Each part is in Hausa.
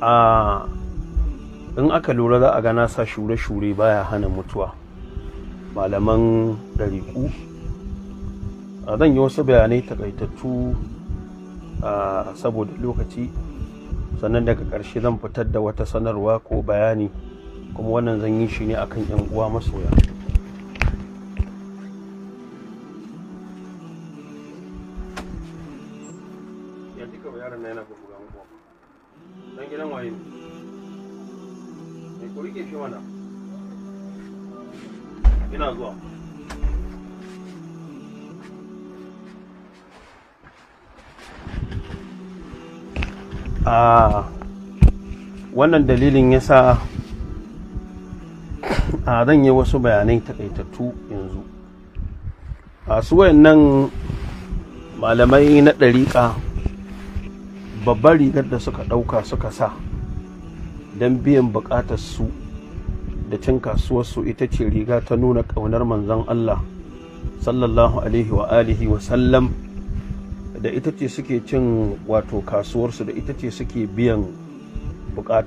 a in aka lura za a gana sa shure-shure baya hana mutuwa malaman ɗariƙu a zan yi wasu bayanai takaitattu saboda lokaci sannan daga ƙarshe zan fitar da wata sanarwa ko bayani kuma wannan zan yi shi ne akan 'yan uwa masoya wannan dalilin ya sa a zan yi wasu bayanai takaitattu yanzu a su nan malamai na ɗariƙa babbar rigar da suka ɗauka suka sa don biyan buƙatar su da cin kasuwarsu ita ce riga ta nuna ƙaunar manzon Allah sallallahu alaihi wa alihi wa sallam da ita ce suke cin wato kasuwarsu da ita ce suke biyan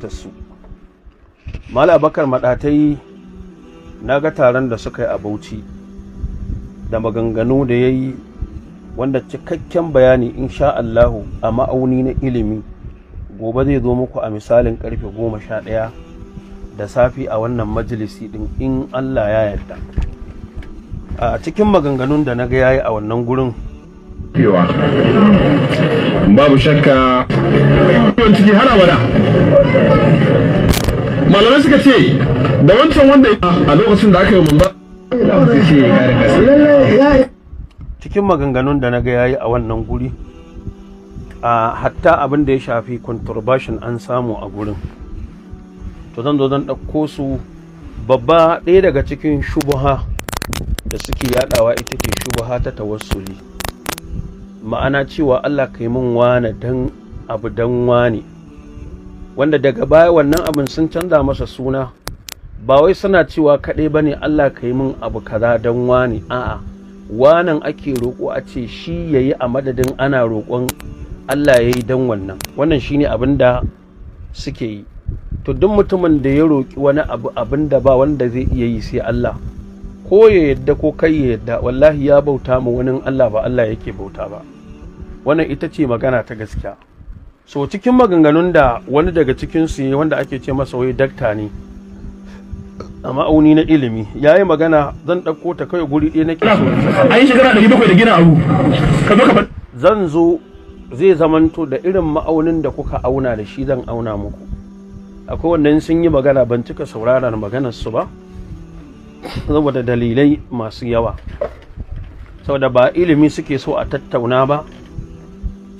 su mala bakar maɗatai na ga taron da suka yi a bauchi da maganganu da ya yi wanda cikakken bayani insha Allahu a ma'auni na ilimi gobe zai zo muku a misalin karfe goma sha ɗaya da safi a wannan majalisi ɗin in Allah ya yarda a cikin maganganun da naga ga yayi a wannan gurin kewa babu shakka ciki har abada suka ce da wancan wanda a lokacin da aka yi ba cikin maganganun da na ga yayi a wannan guri a hatta abin da ya shafi contribution an samu a gurin to zan zo zan ɗauko su babba ɗaya daga cikin shubuha da suke yadawa ita ce shubuha ta tawassuli ma'ana cewa Allah ka yi min wane dan abu dan wane wanda daga baya wannan abin sun canza masa suna ba wai suna cewa kaɗai ba ne Allah ka yi min abu kaza dan wane a'a wanan ake roƙo a ce shi ya yi a madadin ana roƙon Allah ya yi dan wannan wannan shine abin da suke yi to duk mutumin da ya roƙi wani abu abin da ba wanda zai iya yi sai Allah ko ya yadda ko kai ya yadda wallahi ya bauta mu wani Allah ba Allah yake bauta ba wannan ita ce magana ta gaskiya so cikin maganganun da wani daga cikin su wanda ake ce masa wai dakta ne a ma'auni na ilimi ya yi magana zan ɗauko ta kai guri ɗaya na kisa a yi shekara ɗari da gina abu zo zan zo zai zamanto da irin ma'aunin da kuka auna da shi zan auna muku akwai wannan sun yi magana ban cika saurara maganar su ba saboda dalilai masu yawa saboda ba ilimi suke so a tattauna ba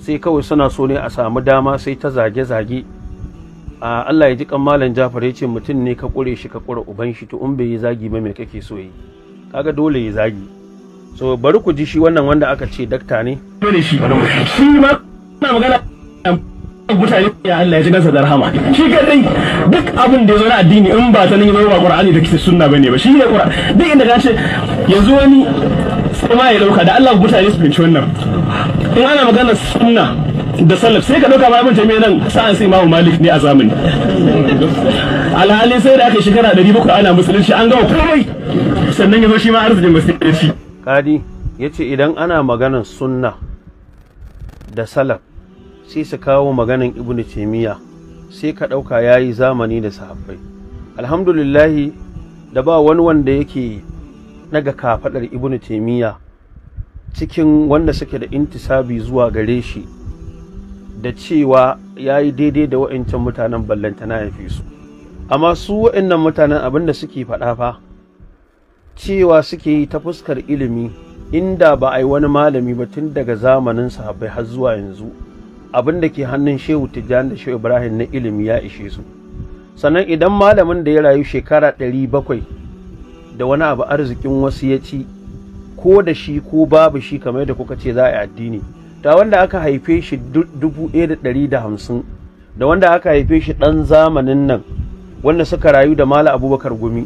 sai kawai suna so ne a samu dama sai ta zage-zage a Allah ya ji kan malam Jafar ya ce mutum ne ka kure shi ka kure uban shi to in bai yi zagi ba me kake so yi kaga dole ya zagi so bari ku ji shi wannan wanda aka ce dakta ne shi ma na magana mutane ya Allah ya ji gansa da rahama shi kadai duk abin da ya zo na addini in ba ta nan ya zo ba Qur'ani da kitab sunna bane ba shi ne Qur'ani duk inda ka ce yanzu wani kuma ya dauka da Allah mutane su binci wannan in ana magana sunna da salaf sai ka dauka ba abin taymiya nan sa'an sai imamu malik ne a zamani alhali sai da aka shekara 700 ana musulunci an gama komai sannan ya zo shi ma arzikin musulunci kadi yace idan ana maganar sunna da salaf sai su kawo maganar ibnu taymiya sai ka dauka yayi zamani da sahabbai alhamdulillah da ba wani wanda yake daga kafadar ibnu taymiya cikin wanda suke da intisabi zuwa gare shi da cewa ya yi daidai da wa'incan mutanen ballantana na fi su amma su wa'innan mutanen abin da suke faɗa fa cewa suke yi ta fuskar ilimi inda ba a yi wani malami ba tun daga zamanin sahabbai har zuwa yanzu abin da ke hannun shehu tijjani da shehu ibrahim na ilimi ya ishe su sannan idan malamin da ya rayu shekara ɗari bakwai da wani abu arzikin wasu ya ci ko da shi ko babu shi kamar yadda kuka ce za a yi addini ta wanda aka haife shi dubu ɗaya da ɗari da hamsin da wanda aka haife shi ɗan zamanin nan wanda suka rayu da mala abubakar gumi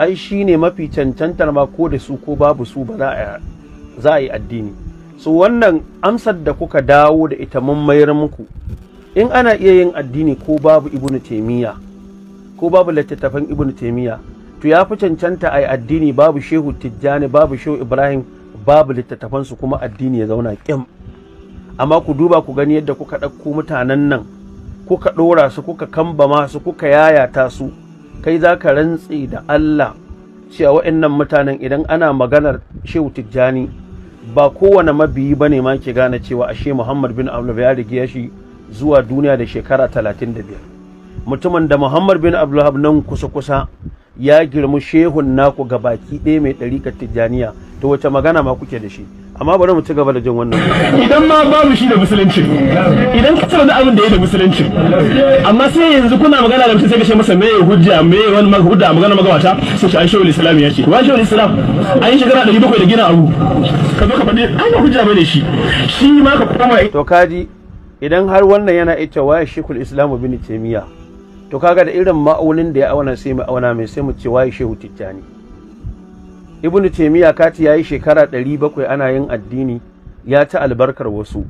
ai shi ne mafi cancantar ma ko da su ko babu su ba za a yi addini so wannan amsar da kuka dawo da ita mun mayar muku in ana iya yin addini ko babu ibnu taimiyya ko babu littattafan ibnu taimiyya to ya fi cancanta a yi addini babu shehu tijjani babu shehu ibrahim babu littattafansu kuma addini ya zauna kyam amma ku duba ku gani yadda kuka ɗauko mutanen nan kuka ɗora su kuka kamba masu kuka yayata su kai za ka rantse da Allah cewa wa'annan mutanen idan ana maganar shehu tijjani ba kowane mabiyi ba ne ma ke gane cewa ashe muhammad bin abdullahi ya rigiya shi zuwa duniya da shekara talatin da biyar mutumin da muhammad bin abdullahi nan kusa kusa ya girmi shehun naku ga baki ɗaya mai ɗarikar tijjaniya to wace magana ma kuke da shi amma bari mu ci gaba da jin wannan idan ma babu shi da musulunci idan ka tsara da abin da ya da musulunci amma sai yanzu kuna magana da mutum sai ka ce masa meye hujja meye wani hujja magana magawata sai shi aisha islam ya ce wa aisha islam an yi shekara 700 da gina abu ka zo ka faɗi an yi hujja bane shi shi ma ka koma to kaji idan har wannan yana ita wa shekul islam bin taymiya to kaga da irin ma'aunin da ya auna sai mu auna mai sai mu ce wai shehu tijjani ibnu taymiya kati yayi shekara 700 ana yin addini ya ta albarkar wasu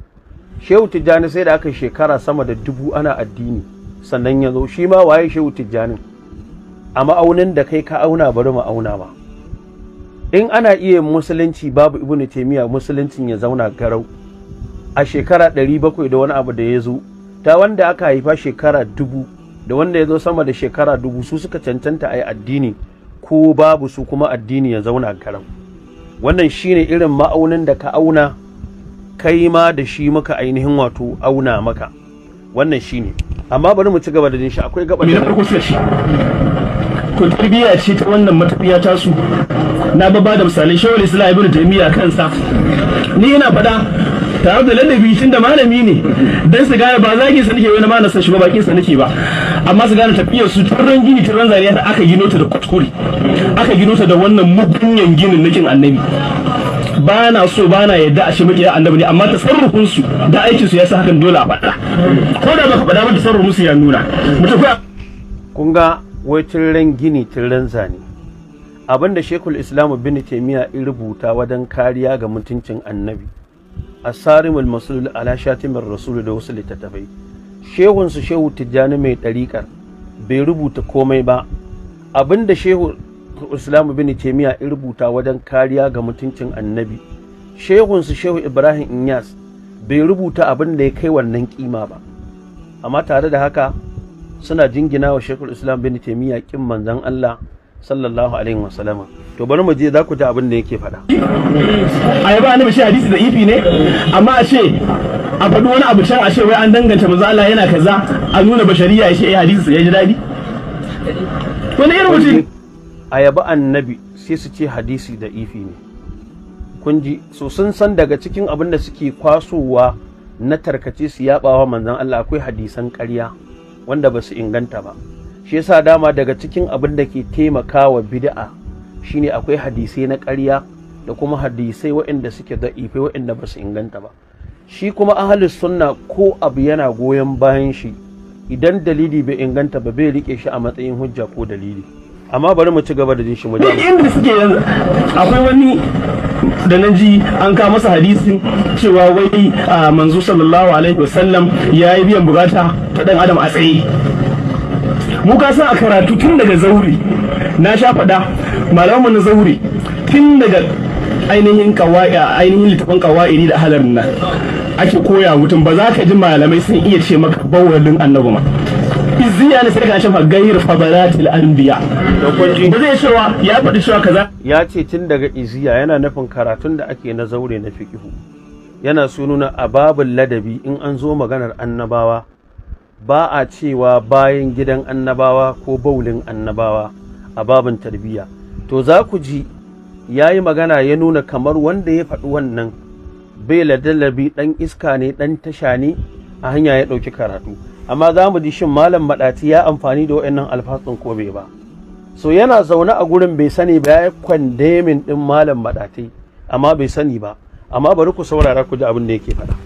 shehu tijjani sai da aka shekara sama da dubu ana addini sannan ya zo shi ma waye shehu tijjanin a ma'aunin da kai ka auna bari mu auna ma in ana iya musulunci babu ibnu taymiya musuluncin ya zauna garau a shekara 700 da wani abu da ya zo ta wanda aka haifa shekara dubu da wanda ya zo sama da shekara dubu su suka cancanta a yi addini ko babu su kuma addini ya zauna karam wannan shine irin ma'aunin da ka auna kai ma da shi muka ainihin wato auna maka wannan shine amma bari mu ci gaba da jin shi akwai gaba na farko sai shi to tarbiyya ce ta wannan matafiya ta su na ba da misalai shawar islam ibnu taymiya kansa ni ina fada. tare da ladabi tun da malami ne dan su gane ba zagi su nake wani malasa shi ba bakin sa nake ba amma su gane tafiyar su turran gini turran zariya da aka gino ta da kuskure aka gino ta da wannan mugunyan ginin nakin annabi ba na so ba na yadda a shi ya annabi ne amma tasarrufin su da aikin su sa hakan dole a faɗa ko da baka faɗa ba tasarrufin su ya nuna mutum kun ga wai tirren gini tirren zane abinda shekul islam bin taimiya ya rubuta wajen kariya ga mutuncin annabi asarimul masul ala shatimar rasulu da wasu littattafai shehun su shehu tijjani mai ɗariƙar bai rubuta komai ba abinda shehu islamu bin taimiya ya rubuta wajen kariya ga mutuncin annabi shehun su shehu ibrahim inyas bai rubuta abin da ya kai wannan kima ba amma tare da haka suna jingina wa shekul islam bin taimiyya kin manzon allah sallallahu alaihi sallama to bari mu je za ku ji abin da yake faɗa a yaba annabi shi hadisi da ifi ne amma a ce a faɗi wani abu can a ce wai an danganta manzo Allah yana kaza a nuna bashariya shi eh hadisi ya ji dadi wani irin mutum a yaba annabi sai su ce hadisi da ifi ne kun ji so sun san daga cikin abin da suke kwasowa na tarkace su yabawa manzon Allah akwai hadisan ƙarya wanda ba su inganta ba shi yasa dama daga cikin abin da ke taimakawa bid'a shine akwai hadisai na karya da kuma hadisai waɗanda suke ife waɗanda ba su inganta ba shi kuma ahalus sunna ko abu yana goyon bayan shi idan dalili bai inganta ba bai rike shi a matsayin hujja ko dalili amma bari mu ci gaba da jin shi mu inda suke yanzu akwai wani da na ji an ka masa hadisin cewa wai a ah, manzo sallallahu alaihi wasallam ya yi biyan bukata ta dan adam a tsaye mu ka san a karatu tun daga zauri na sha faɗa malamu na zauri tun daga ainihin kawai ainihin littafin kawai da halar nan ake koya mutum ba za ka ji malamai sun iya ce maka bawalin annabi ma izziya ne sai ka shafa gairu fadalatil anbiya ba zai cewa ya faɗi cewa kaza ya ce tun daga izziya yana nufin karatun da ake na zaure na fiqihu yana sununa a babul ladabi in an zo maganar annabawa ba a cewa bayan gidan annabawa ko baulin annabawa a babin tarbiyya to za ku ji ya yi magana ya nuna kamar wanda ya faɗi wannan bai ladalabi ɗan iska ne ɗan tasha ne a hanya ya ɗauki karatu amma za mu ji shin malam maɗaci ya amfani da wa'annan alfatsun ko bai ba so yana zaune a gurin bai sani ba ya kwandemin ɗin malam maɗaci amma bai sani ba amma bari ku saurara ku ji abin da yake faɗa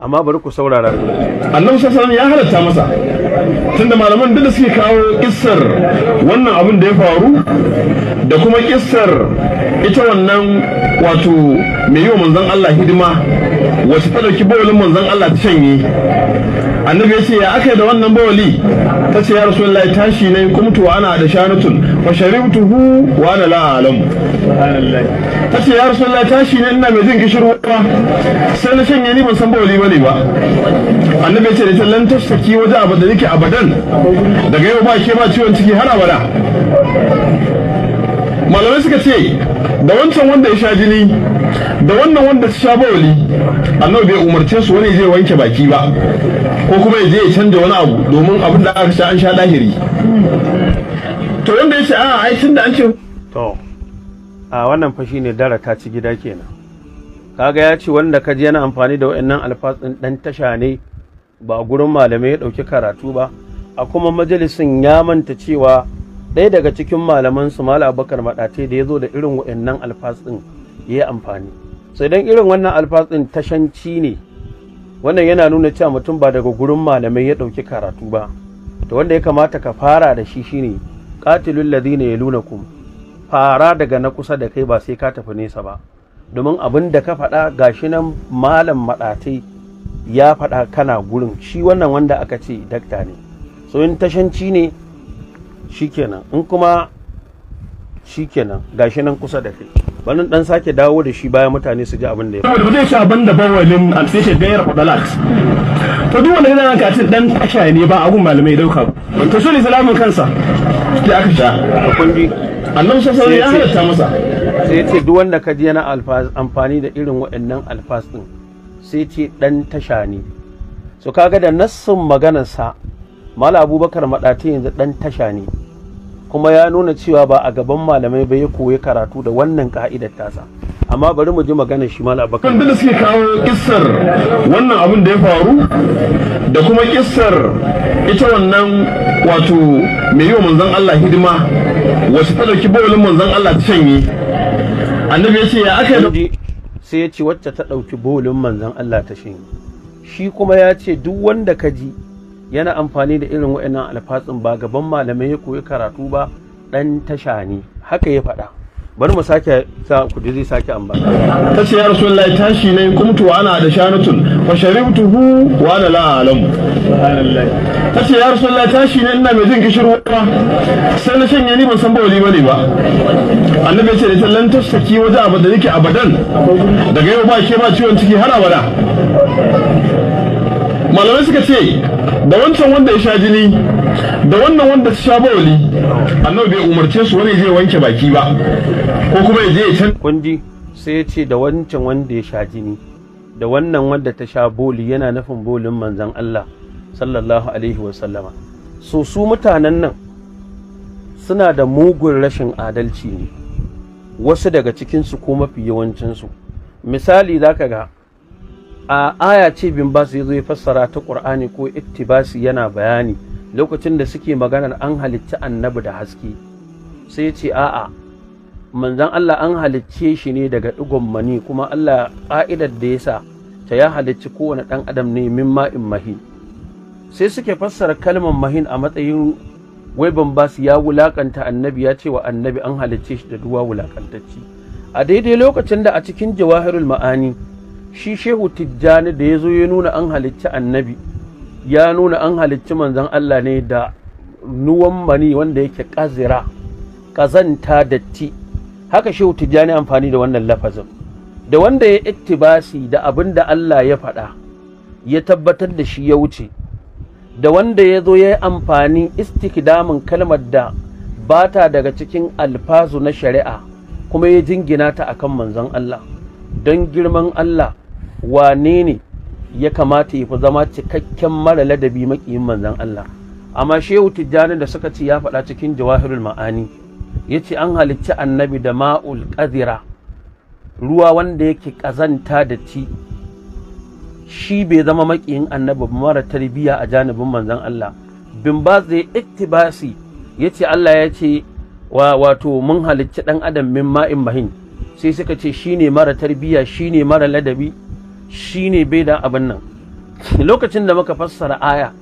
amma bari ku saurara annabi sallallahu ya halatta masa tunda malaman duk da suke kawo kissar wannan abin da ya faru da kuma kissar ita wannan wato mai yi wa manzon Allah hidima wacce ta dauki bawulin manzon Allah ta shanye annabi ya ce ya aka da wannan bawali ta ce ya rasulullahi tashi ne kumtu wa ana da shanutun wa sharibtuhu wa ana la ta ce ya rasulullahi tashi ne ina mai jin kishirwa sai na shanye ni ban san bawali ba ne ba annabi ya ce da ta lan tashtaki waje abada yake abadan daga yau ba ke ba ciwon ciki har abada malamai suka ce da wancan wanda ya sha jini da wannan wanda su sha bawali annabi bai umarce su wani zai wanke baki ba ko kuma ya je ya canja wani abu domin abin da aka sha an sha lahiri to wanda ya ce a ai tunda an ce to a wannan fa shine dara ta ci gida kenan kaga ya ce wanda ka ji yana amfani da wayannan alfatsin dan tasha ne ba gurin malamai ya dauki karatu ba a kuma majalisin ya manta cewa ɗaya daga cikin malaman su mala abubakar maɗate da ya zo da irin wayannan alfatsin ya yi amfani sai dan irin wannan alfatsin tashanci ne wannan yana nuna cewa mutum ba daga gurin malamai ya ɗauki karatu ba to wanda ya kamata ka fara da shi shine katilul ladina yalunakum fara daga na kusa da kai ba sai ka tafi nesa ba domin abin da ka faɗa gashi nan malam maɗatai ya faɗa kana gurin shi wannan wanda aka ce dakta ne so in tashanci ne shikenan in kuma shikenan gashi nan kusa da kai bari dan sake dawo da shi bayan mutane su ji abin da ya faru zai sha ban da bawalin alfishe yara fadalax to duk wanda yana ka dan tasha ne ba abun malamai dauka to shi islamin kansa da aka sha kunji annabi sallallahu sai wasallam ya halatta masa sai ce duk wanda ka ji yana amfani da irin waɗannan alfas din sai ce dan tasha ne so kaga da nassin maganarsa mala abubakar maɗate yanzu dan tasha ne kuma ya nuna cewa ba a gaban malamai ba ya koyi karatu da wannan ka'idar tasa amma bari mu ji magana shi malam abakar da suke kawo kissar wannan abin da ya faru da kuma kissar ita wannan wato mai yiwa manzon Allah hidima wasu ta dauki bawalin manzon Allah ta shanye annabi ya ce ya aka sai ya ce wacce ta dauki bawalin manzon Allah ta shanye shi kuma ya ce duk wanda ka ji yana amfani da irin wa'annan alfatsin ba gaban malamai ya koyi karatu ba dan tasha ne haka ya faɗa bari mu sake sa ku zai sake Ta ce ya rasulullahi tashi ne kumtu wa ana da shanatun wa sharibtuhu wa ana la alam ce ya rasulullahi tashi ne ina mai jin ba sai na shanye ni ban san bawali bane ba annabi ya ce da tallan tasaki waje abada yake abadan daga yau ba ke ba ciwon ciki har abada malamai suka ce da wancan wanda ya sha jini da wannan wanda su sha bawali annabi bai umarce su wani zai wanke baki ba ko kuma ya je ya can kundi sai ya ce da wancan wanda ya sha jini da wannan wanda ta sha boli yana nufin bolin manzon Allah sallallahu alaihi wa sallama so su mutanen nan suna da mugun rashin adalci ne wasu daga cikinsu ko mafi yawancinsu misali za ka ga a aya ce bin ya zo ya fassara ta Kur'ani ko ittibasi yana bayani lokacin da suke maganar an halicci annabi da haske sai ce a'a manzon Allah an halicce shi ne daga ɗigon mani kuma Allah ka'idar da ya sa ta ya halicci kowane ɗan adam ne min ma'in mahi sai suke fassara kalmar mahin a matsayin wai basu ya wulakanta annabi ya ce wa annabi an halicce shi da duwa wulakantacci a daidai lokacin da a cikin jawahirul ma'ani shi shehu tijjani da ya zo ya nuna an halicci annabi ya nuna an halicci manzan Allah ne da nuwan mani wanda yake kazira kazanta datti haka shehu tijjani amfani da wannan lafazin da wanda ya iktibasi da abin da Allah ya faɗa ya tabbatar da shi ya wuce da wanda ya zo ya yi amfani istikdamin kalmar da ba ta daga cikin alfazu na shari'a kuma ya jingina ta akan manzon Allah don girman Allah wane ne ya kamata ya fi zama cikakken mara ladabi makiyin manzan Allah amma shehu tijjani da suka ce ya faɗa cikin jawahirul ma'ani ya ce an halicci annabi da ma'ul ƙazira ruwa wanda yake ƙazanta da ci shi bai zama makiyin annabi mara tarbiyya a janibin manzan Allah bin ba zai iktibasi ya ce Allah ya ce wa wato mun halicci ɗan adam min ma'in mahin sai suka ce shi ne mara tarbiyya ne mara ladabi shine bai da abin nan lokacin da muka fassara aya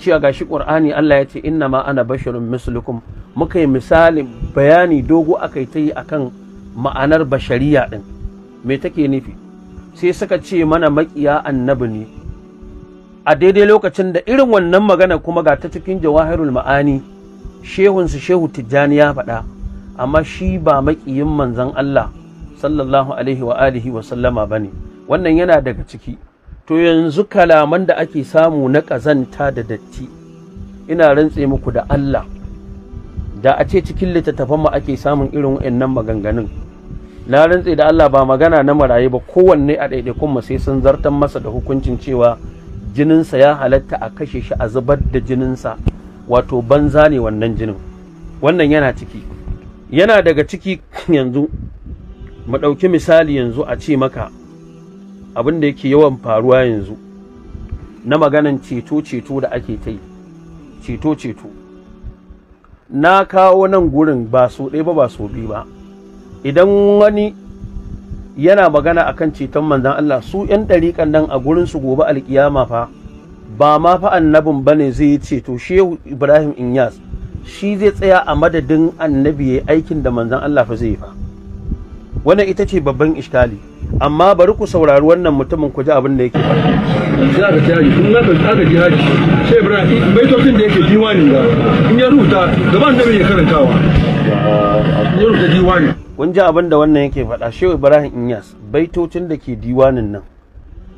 cewa gashi qur'ani Allah ya ce inna ma ana basharun mislukum muka yi misali bayani dogo aka yi ta yi akan ma'anar bashariya din me take nufi sai suka ce mana makiya annabi ne a daidai lokacin da irin wannan magana kuma ga ta cikin jawahirul ma'ani shehunsu shehu tijjani ya faɗa amma shi ba makiyin manzon Allah sallallahu alaihi wa alihi wa sallama bane wannan yana daga ciki to yanzu kalaman da ake samu na ƙazanta da datti ina rantse muku da Allah da a ce cikin littattafan mu ake samun irin wa'annan maganganun na rantse da Allah ba magana na maraye ba kowanne a ɗaiɗaikun mu sai sun zartan masa da hukuncin cewa jininsa ya halatta a kashe shi a zubar da jininsa wato banza ne wannan jinin wannan yana ciki yana daga ciki yanzu mu ɗauki misali yanzu a ce maka abin da yake yawan faruwa yanzu na maganan ceto-ceto da ake ta yi ceto-ceto na kawo nan gurin ba so ɗaya ba ba so biyu ba idan wani yana magana akan ceton manzan Allah su 'yan ɗariƙan nan a gurin su gobe alƙiyama fa ba ma fa annabin ba ne zai ceto shehu ibrahim inyas shi zai tsaya a madadin annabi ya aikin da manzan Allah fa zai fa wannan ita ce babban iskali amma bari ku saurari wannan mutumin ku ji abin da yake faɗa sai aka tayi kun aka aka ji haji sai ibrahim baitocin da yake diwani ga in ya rubuta gaban da ya karantawa ya rubuta diwani kun ji abin da wannan yake faɗa shehu ibrahim inyas baitocin da ke diwanin nan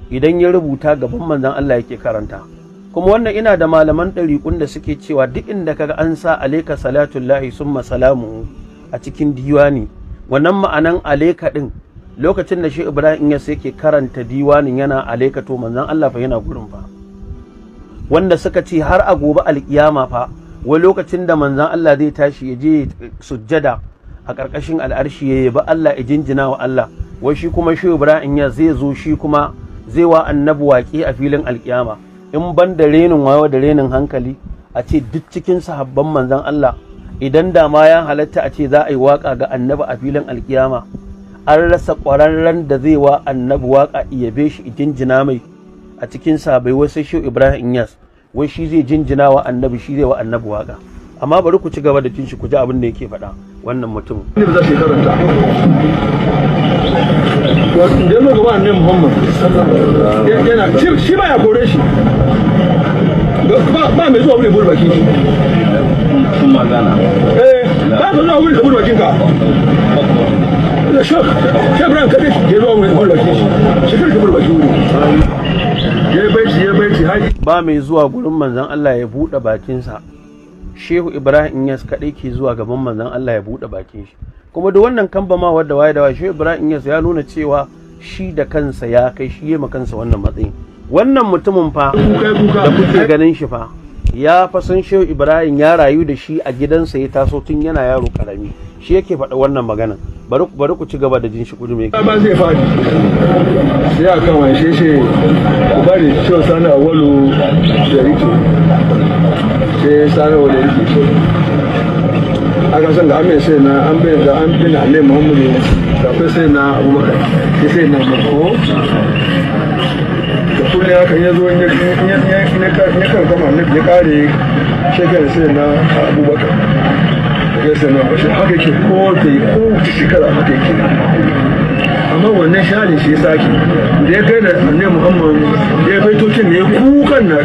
idan ya rubuta gaban manzon Allah yake karanta kuma wannan ina da malaman ɗariƙun da suke cewa duk inda kaga an sa alaika salatullahi summa salamu a cikin diwani wannan ma'anan alaika din. lokacin da shi ibrahim ya yake karanta diwanin yana alaikato manzon Allah fa yana gurin fa wanda suka ce har a gobe alkiyama fa wai lokacin da manzon Allah zai tashi ya je sujjada a ƙarƙashin al'arshi ya ba Allah ya jinjina wa Allah wai shi kuma shi ibrahim ya zai zo shi kuma zai wa annabi waƙi a filin alkiyama in ban da renin wayo da renin hankali a ce duk cikin sahabban manzon Allah idan da ma ya halatta a ce za a yi waka ga annabi a filin alkiyama an rasa ƙwararren da zai wa annabi waƙa be shi jinjina mai a cikin sabai wasu shi ibrahim inyas wai shi zai jinjina wa annabi shi zai wa annabi waƙa amma bari ku ci gaba da jin shi ku ji abin da yake faɗa wannan mutum shi ba ya kore shi ba mai zuwa wuri buru shi eh, ba mai zuwa wuri ba mai zuwa gurin manzan Allah ya buɗe bakinsa shehu ibrahim yas kaɗai ke zuwa gaban manzan Allah ya buɗe bakin shi kuma da wannan kambama ma wadda waye da waye shehu ibrahim yas ya nuna cewa shi da kansa ya kai shi ma kansa wannan matsayin wannan mutumin fa da kuke ganin shi fa ya fasan shehu ibrahim ya rayu da shi a gidansa ya taso tun yana yaro karami shi yake faɗa wannan magana bari ku ci gaba da jin shi kudu mai ba zai faɗi sai a kan wanshe shi ku bari cewa sani a walu da rike sai sani walu da rike aka san na an bai da an bin mahimmanci muhammadu kai sai na abubakar sai sai na mako da kullum haka ya zo ya kan ya kare shekarar sai na abubakar ya sanu a ko ta yi ko shekara haka amma wannan shahalin shi ya sake da ya kai da annai muhammad ya tokin ne kukan na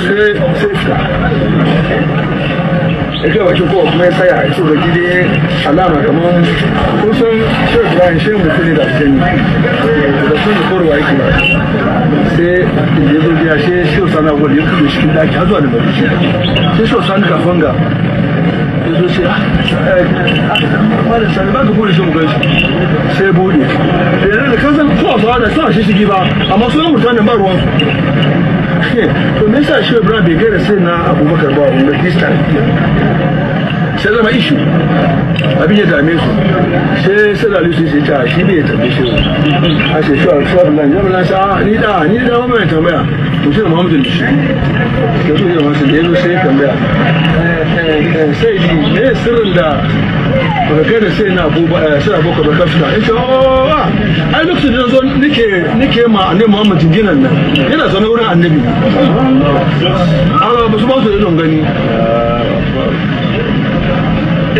sai yake bakin kowa kuma ya tsaya ya ce baki dai alama kamar kusan san shi ibrahim shi mutum ne da aljanni da sun da korowa yake ba sai da ya zo biya shi shi wasu ana gwada ya kudu cikin daki ake zuwa da bari shi sai shi wasu ana kafin ga ya zo sai malam sani ba ka bude shi mu gaishe sai bude da yanzu da kansan kowa ba da sa shi shigi ba amma su yi mutanen ba ruwansu to me yasa shi ibrahim bai gaira sai na abubakar ba wanda distan sai zama ishu abin ya dame su sai sai da lusu sai ta shi ne ya tambaye shi a ce shi a shi a ya jami'an sa ah, ni da ni da wani mai tambaya to shi da muhammadu da shi ya zo da wasu da ya zo sai ya tambaya sai ji ne sirrin da kai da sai na abubuwa a eh, sai abubuwa ba kafta in ce oh ah, ai lokacin da zo nike nike ma annabi muhammadu jinginan nan yana zaune wurin annabi Allah ba su ba su da don gani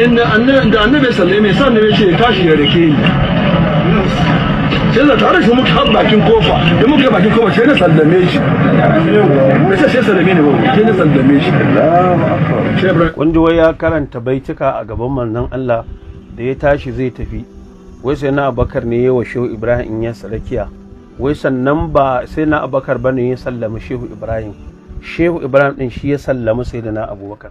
inda annabi sallame sa annabi ce tashi da rike ni sai da tare shi muka haɗa bakin kofa da muka bakin kofa sai na sallame shi na ce sai sallame ne ba sai na sallame shi wanda wai ya karanta baitika a gaban manzon Allah da ya tashi zai tafi wai sai na abakar ne ya wa shehu ibrahim ya sarakiya wai sannan ba sai na abakar bane ya sallama shehu ibrahim shehu ibrahim din shi ya sallami sai da na abubakar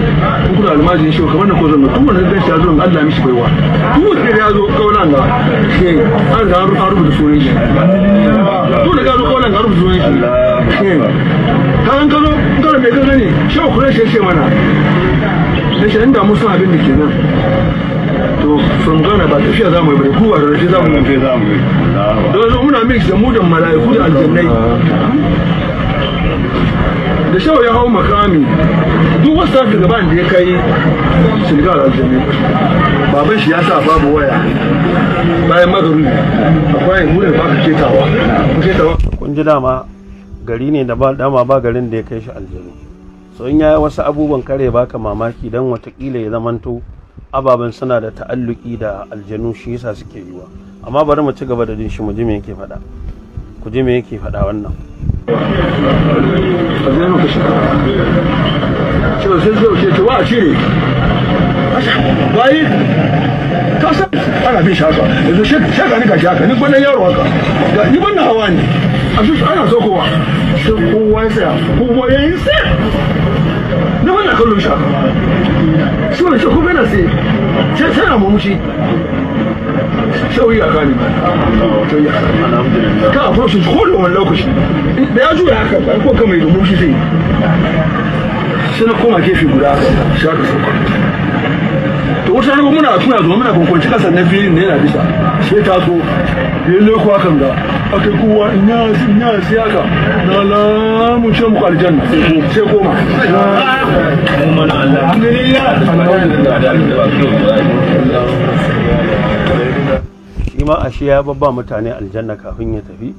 ganin shugaban da kozon mutum wanda gan shi zuwa Allah mishi baiwa duk ya zo kaulan ga shi an ga an sunan shi da ga zo kaulan ga rubuta sunan shi ka an kazo kana mai kaza ne shi kuma shi shi mana da shi inda musu abin da ke nan to sun ba tafiya za mu yi bari kowa da shi za mu yi don muna mix da mu da mala'iku da aljannai da shawo ya hau makami duk wasu tafi gaban da ya kai shirgar aljami baban shi ya sa babu waya bayan magarin a kwayan ne ba ka ketawa kun ji dama gari ne da dama ba garin da ya kai shi aljami so in yayi wasu abubuwan kare baka mamaki don watakila ya zamanto ababen suna da ta'alluki da aljanu shi yasa suke yiwa amma bari mu ci gaba da jin shi mu ji me yake faɗa ku ji me yake faɗa wannan a zai muku shi ce sun zo ce bayi ka san shi yanzu shaka ni ka ni gwanan yaro haka ni gwanan hawa ne a su ana so kowa sai kowa ya kowa ya yi tsaya na wannan kallon shi ne shi kuma yana tsaye sai tana sauyi a kani ka a fasu kodin wani lokaci da ya juya haka ko kama yi da mushi zai sai na koma gefe guda haka sai aka to wata rana muna tuna zuwa muna kwanci kasa na filin ne yana bisa sai ta so lalle kuwa kan ga aka kowa ina ina siyaka na la mu ce muku aljanna sai koma shi ma ashe ya babba mutane aljanna kafin ya tafi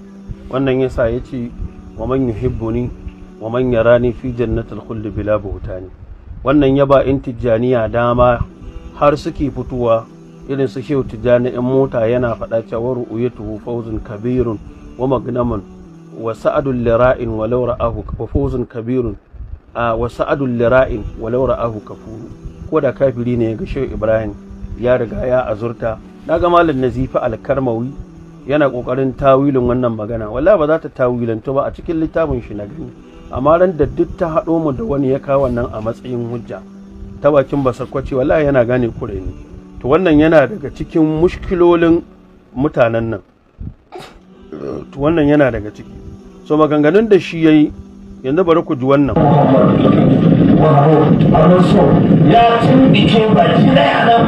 wannan ya sa ya ce wa manyan hibboni wa manyan rani fi jannatar kullu bila buhtani wannan ya ba in tijjaniya dama har suke fitowa irin su shehu tijjani yan mota yana faɗa cewa ru'uyatuhu fawzun kabirun wa magnamun wa sa'adul lira'in walau ra'ahu fawzun kabirun a wa sa'adul lira'in walau ra'ahu kafuru ko da kafiri ne ga shehu ibrahim ya riga ya azurta naga malam nazifi alkarmawi yana kokarin tawilin wannan magana Wala ba za ta tawilanta ba a cikin littafin shi na gani amma ran da duk ta haɗo mu da wani ya kawo nan a matsayin hujja ta bakin basakwaci wallahi yana gane kure ne to wannan yana daga cikin mushkilolin mutanen nan to wannan yana daga ciki so maganganun da shi yayi yanzu bari ku ji wannan ya tumbike baki daya nan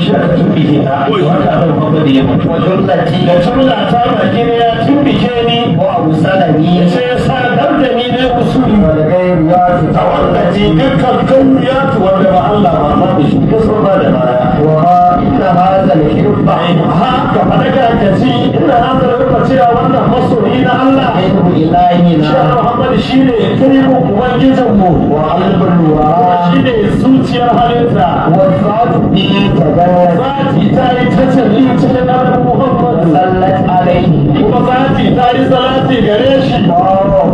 shirka tumbike na wanda abin kuma da ya mutu wajen lati da tumla ta baki ne ya tumbike ni wa abu salami sai ya sa. wanda ni ne kusuri wal ghayriyatu tawallati dukkan wanda ba Allah ba ma da shi ka san ba da baya wa inna hadha al-hibba ka ci inna hadha al-hibba cewa wannan masoyi na Allah ayyuhu ilahi na shi Muhammad shine karimu ubangijin mu wa albirru wa shine zuciyar halitta wa zatu bi tagara zati ta yi tasalli cikin annabi Muhammad sallallahu alaihi kuma zati ta yi salati gare shi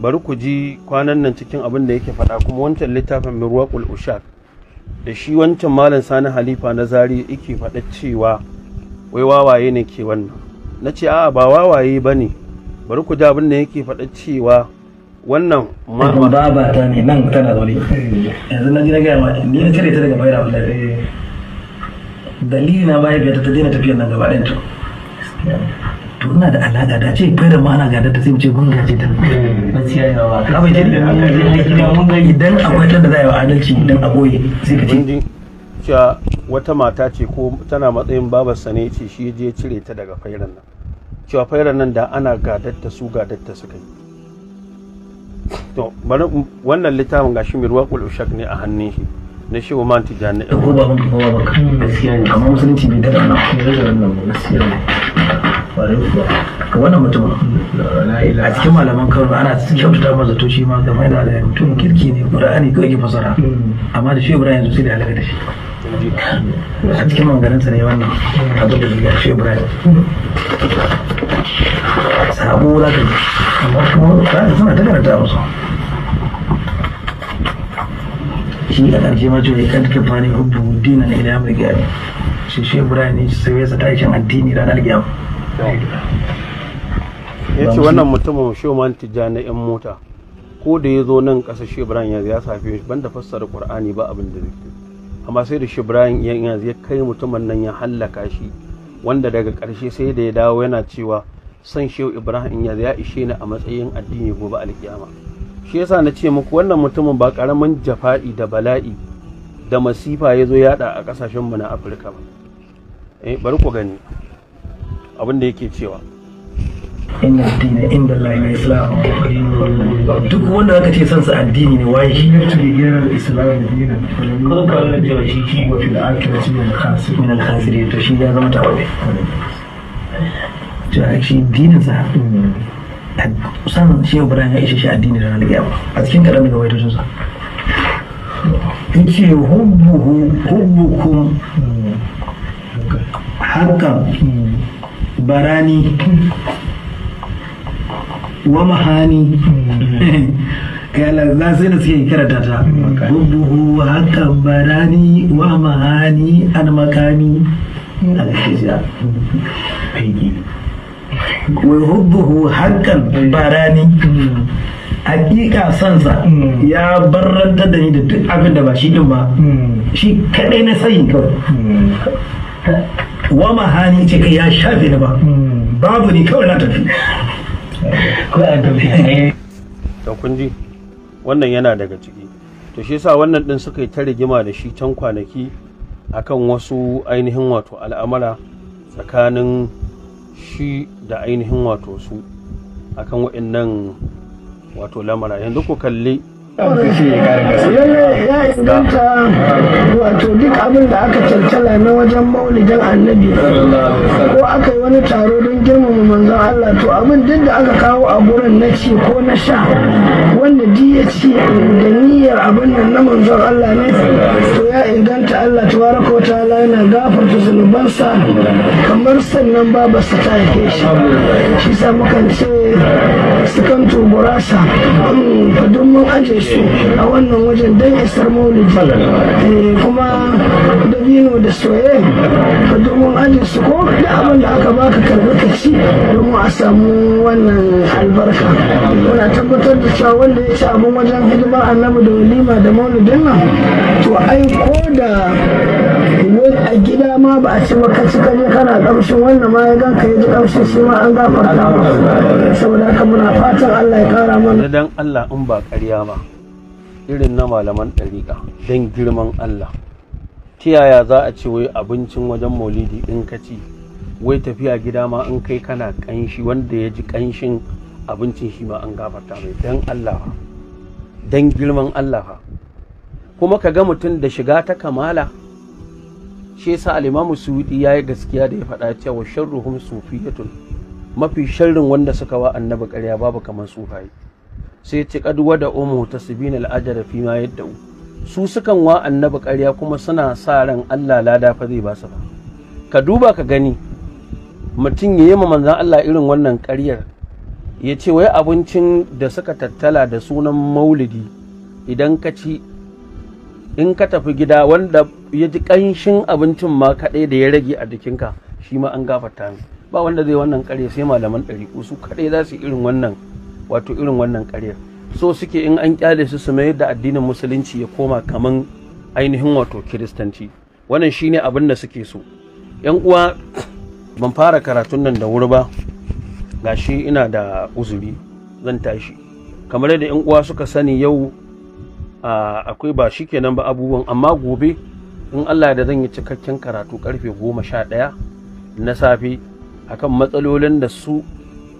bari ku ji kwanan nan cikin abin da yake faɗa kuma wancan littafin mirwaqul ushak da shi wancan malam sani halifa na zari yake faɗa cewa wai wawaye ne ke wannan na ce a'a ba wawaye ba ne bari ku ji abin da yake faɗa cewa wannan ma ba ta ne nan tana zaune yanzu na ji na gaya ma ni na cire ta daga bayra dalilina dalili na bai ta daina tafiya nan gaba to to da alaƙa da ce fere ma ana gada ta sai mu ce eh. mun gaje ta gaskiya ga idan akwai da za a yi wa adalci idan a boye sai ka ce cewa wata mata ce ko tana matsayin babar sane ce shi je cire ta daga fairan nan cewa fairan nan da ana gadatta su gadatta suka yi to bari wannan littafin gashi mirwaqul kulushak ne a hannun shi na shi wa man tijani ko ba mun ko ba kan gaskiya ne amma musulunci bai da ana gaskiya ne wannan mutum a cikin malaman kano ana kyautata masa to shi ma game da alayyar mutum kirki ne qur'ani ko yake fasara hmm. amma da shi ibrahim yanzu sai da halaka da shi a cikin manganinsa ne wannan abin da ya shi ibrahim sabo za ka ji amma kuma ƙarin suna ta karanta musu shi a ƙarshe ma cewa ya kan kafani hubbu dinan ila amurka shi shi ibrahim ne sai ya sa tashin addini ranar gyama ya ce wannan mutumin shoman tijjani yan mota ko da ya zo nan ƙasa shibran yanzu ya safe shi banda fassara kur'ani ba abin da zai amma sai da shibran yanzu ya kai mutumin nan ya hallaka shi wanda daga ƙarshe sai da ya dawo yana cewa san shehu ibrahim ya ya ishe ni a matsayin addini gobe alkiyama shi yasa na ce muku wannan mutumin ba karamin jafa'i da bala'i da masifa ya zo yada a kasashen mu na afirka ba eh, bari ku gani abin da yake cewa inna dina inda Allah mai islam duk wanda aka ce sansa addini ne waye shi ne tuli giran islam dina kuma kallon da shi shi wa fil shi ne khasir min al khasirin to shi ya zama ta tawabe to shi dinin sa san shi Ibrahim ya ishe shi addini da ranar kiyama a cikin kadan daga sun sa yace hubbuhu hubbukum hmm. hakan hmm. barani wa mahani kala za sai da suke karanta ta bubuhu haka barani wa mahani an makani alhaja wai hubbuhu hakan barani hakika sansa ya barranta da ni da duk abin da ba shi din ba hmm. shi kadai na sayin kawai hmm. wa mahani ce kai ya shafe ni ba babu ni kawai na tafi ko an tafi to kun ji wannan yana daga ciki to shi yasa wannan din suka yi ta rigima da shi can kwanaki akan wasu ainihin wato al'amara tsakanin shi da ainihin wato su akan waɗannan wato lamara yanzu ku kalli ya inganta wato duk abin da aka cancala na wajen maulidin annabi ko aka yi wani taro don girmama manzon Allah to abin duk da aka kawo a gurin na ci ko na sha wanda ji ya ci da niyyar abin nan na manzon Allah ne to ya inganta Allah wara ko ta yana gafarta zunubansa kamar sannan babarsa ta haife shi shi sa mukan ce sukan tubura sa fa mun aje shi a wannan wajen don isar maulidi eh, kuma da vino da soye a domin ajin su ko da abin da aka baka karbi ka ci domin a samu wannan albarka muna tabbatar da cewa wanda ya ci abin wajen hidimar annabi da walima da maulidin nan to ai ko da a gida ma ba a ci maka ci kaje kana kamshin wannan ma ya gan ka ji kamshin shi ma an gafarta saboda haka muna fatan Allah ya kara mana dan Allah in ba karya ba irin na malaman ɗariƙa don girman Allah ta yaya za a ce wai abincin wajen maulidi in ka ci wai tafiya gida ma in kai kana ƙanshi wanda ya ji ƙanshin abincin shi ma an gafarta mai don Allah don girman Allah kuma ka ga mutum da shiga ta kamala shi yasa al-Imam ya yi gaskiya da ya faɗa cewa shan sharruhum sufiyatun mafi sharrin wanda suka wa annabi ƙarya babu kamar sufaye sai ta kaduwa da umu ta sabina al'ajar fi ma yadda su sukan wa annabi ƙarya kuma suna sa ran Allah lada fa zai ba su ba ka duba ka gani mutum ya yi ma manzan Allah irin wannan ƙaryar ya ce wai abincin da suka tattala da sunan maulidi idan ka ci in ka tafi gida wanda ya ji ƙanshin abincin ma kaɗai da ya rage a jikinka shi ma an gafarta ba wanda zai wannan ƙarya sai malaman ɗariƙu su kaɗai za su irin wannan wato irin wannan ƙaryar so suke in an kyale su su mayar da addinin musulunci ya koma kaman ainihin wato kiristanci wannan shine abin da suke so yan uwa ban fara karatun nan da wuri ba gashi ina da uzuri zan tashi kamar yadda yan uwa suka sani yau akwai ba shi kenan ba abubuwan amma gobe in Allah da zan yi cikakken karatu karfe goma sha ɗaya na safe akan matsalolin da su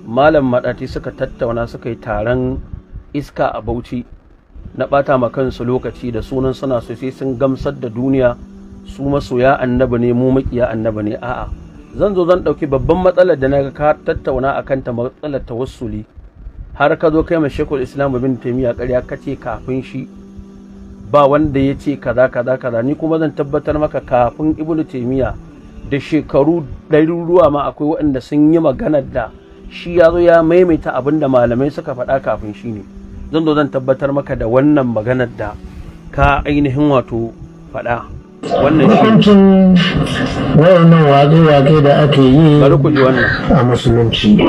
malam maɗati suka tattauna suka yi taron iska a bauchi na ɓata ma kansu lokaci da sunan suna so sun gamsar da duniya su masoya annabi ne mu makiya annaba ne a'a zan zo zan ɗauki babban matsalar da naga ka tattauna a kanta matsalar tawassuli har ka zo kai ma shekul islam bin taimiyya ƙarya ka ce kafin shi ba wanda ya ce kaza kaza kaza ni kuma zan tabbatar maka kafin ibnu taimiyya da shekaru ruwa ma akwai waɗanda sun yi magana da shi ya zo ya maimaita abin da malamai suka faɗa kafin shi ne zan zo zan tabbatar maka da wannan maganar da ka ainihin wato faɗa wannan shi wayannan wage-wage da ake yi a musulunci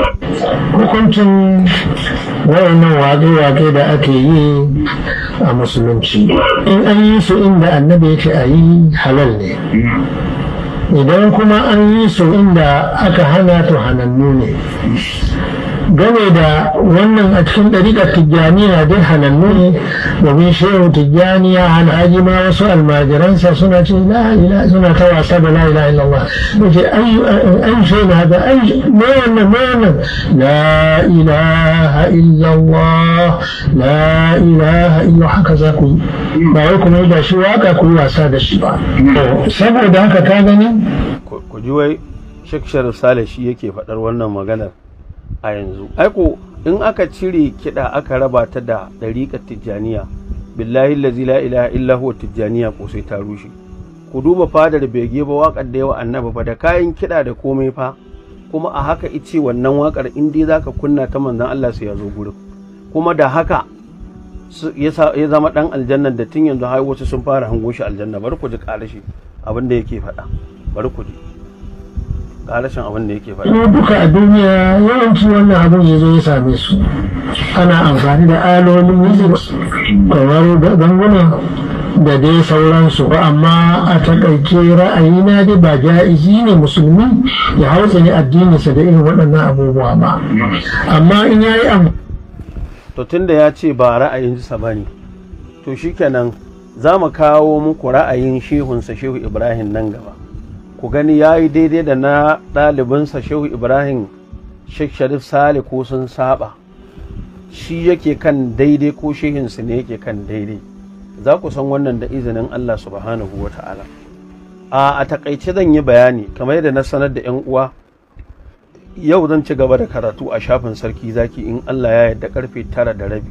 hukuncin wayannan wage-wage da ake yi a musulunci in an yi su inda annabi yake a yi halal ne idan kuma an yi su inda aka hana to hanannu ne game da wannan a cikin ɗariƙar tijjaniya dai halallu ne domin shehu tijjani ya hana aji ma wasu almajiransa suna ce la'ila suna ta wasa da la'ila illallah da ce an na haka an ma wannan ma wannan la'ilaha illallah la'ilaha illallah haka za ku yi ba wai kuma da shi waka ku yi wasa da shi ba saboda haka ka gani ku ji wai shek sharif sale shi yake faɗar wannan maganar a yanzu aiko in aka cire kiɗa aka raba ta da ɗariƙar tijjaniya billahi lazi la ilaha illa huwa tijjaniya ko sai ta rushe ku duba fadar bege ba wakar da yawa annaba ba da kayan kiɗa da komai fa kuma a haka ice wannan wakar in dai zaka kunna ta manzon Allah sai ya zo gurin kuma da haka ya zama dan aljanna da tun yanzu har wasu sun fara hango shi aljanna bari ku ji ƙarashi abin da yake faɗa bari ku ji karashin duka a duniya yawanci wannan abin ya zo ya same su ana amfani da alolin musu kamar ganguna da dai sauransu ba amma a takaice ra'ayi na dai ba ja'izi ne musulmi ya hausa ne addininsa da irin waɗannan abubuwa ba amma in ya yi am to tunda ya ce ba ra'ayin jisa ba ne to shikenan za mu kawo muku ra'ayin shehunsa shehu ibrahim nan gaba ku gani ya yi daidai da na ɗalibinsa shehu ibrahim sheikh sharif sale ko sun saba shi yake kan daidai ko shehinsu ne yake kan daidai za ku san wannan da izinin allah subhanahu wa ta'ala a taƙaice zan yi bayani kamar yadda na sanar da 'yan uwa yau zan ci gaba da karatu a shafin sarki zaki in allah ya yarda karfe tara da rabi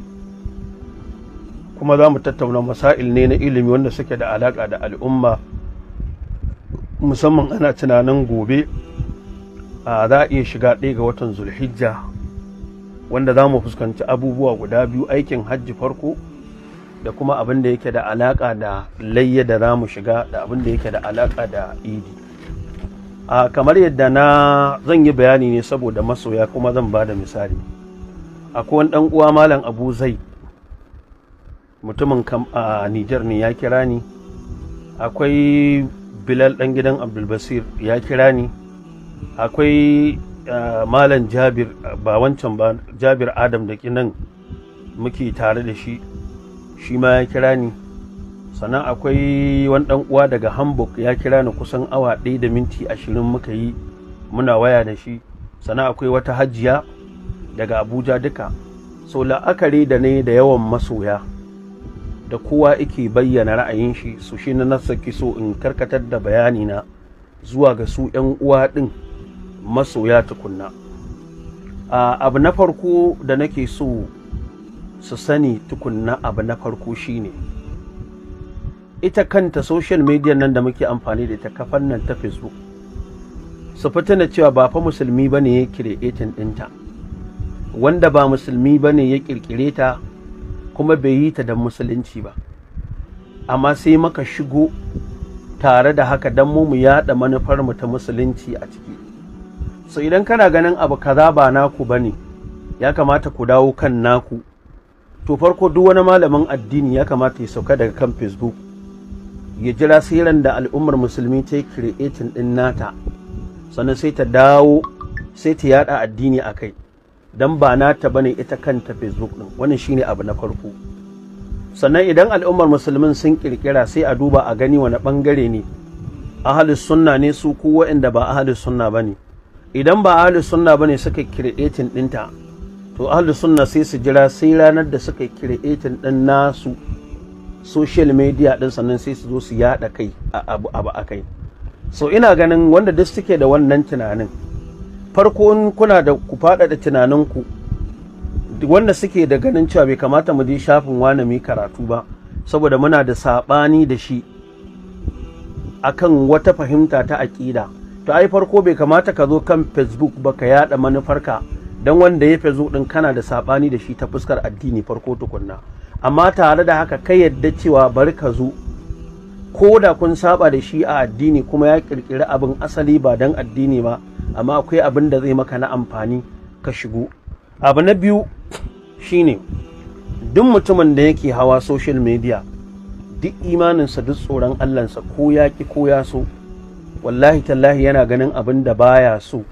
kuma za mu tattauna masail ne na ilimi wanda suke da alaƙa da al'umma musamman ana tunanin gobe a za a iya shiga ɗaya ga watan zulhijja wanda za mu fuskanci abubuwa guda biyu aikin hajji farko da kuma abin da yake da alaƙa da layya da za mu shiga da abin da yake da alaƙa da idi a kamar yadda na zan yi bayani ne saboda masoya kuma zan ba da misali akwai wani ɗan uwa malam abu zai mutumin kam a nijar ne ya kira ni akwai bilal ɗan gidan abdulbasir ya kira ni akwai malam jabir ba wancan ba jabir adam da nan muke tare da shi shi ma ya kira ni sannan akwai wani ɗan uwa daga hamburg ya kira ni kusan awa ɗaya da minti ashirin muka yi muna waya da shi sannan akwai wata hajiya daga abuja duka so la'akari da ne da yawan masoya da kowa yake bayyana ra'ayin shi su shi na saki so in karkatar da bayani na zuwa ga su 'yan uwa din masoya tukunna abu na farko da nake so su sani tukunna abu na farko shine ita kanta social media nan da muke amfani da ita kafan nan ta facebook su na cewa ba fa musulmi bane ne ya kiretin ɗinta wanda ba musulmi bane ya ƙirƙire ta kuma bai yi ta da musulunci ba amma sai maka shigo tare da haka don mu mu manufar mu ta musulunci a ciki so idan kana ganin abu kaza ba naku ba ne ya kamata ku dawo kan naku to farko duk wani malamin addini ya kamata ya sauka daga kan facebook ya jira sirran da al'ummar musulmi ta yi creating din nata sannan sai ta dawo sai ta yada addini a kai dan ba nata bane ita kanta facebook din wannan shine abu na farko sannan idan al'ummar musulmin sun kirkira sai a duba a gani wani bangare ne ahalus sunna ne su ko waɗanda ba ahalus sunna bane idan ba ahalus sunna bane suka creating dinta to ahalus sunna sai su jira sai ranar da suka creating din nasu social media din sannan sai su zo su yada kai a abu abu akai so ina ganin wanda duk suke da wannan tunanin farko in kuna da ku faɗaɗa tunaninku wanda suke da ganin cewa bai kamata mu je shafin wani mai karatu ba saboda muna da saɓani da shi akan wata fahimta ta aƙida to ai farko bai kamata ka zo kan facebook ba ka yaɗa manufarka don wanda ya fezo ɗin kana da saɓani da shi ta fuskar addini farko tukunna amma tare da haka ka yadda cewa bari ka zo ko da kun saba da shi a addini kuma ya kirkiri abin asali ba don addini ba amma akwai abin da zai maka na amfani ka shigo abu na biyu shine duk mutumin da yake hawa social media duk imaninsa duk tsoron allansa ko ya ki ko ya so wallahi tallahi yana ganin abin da baya so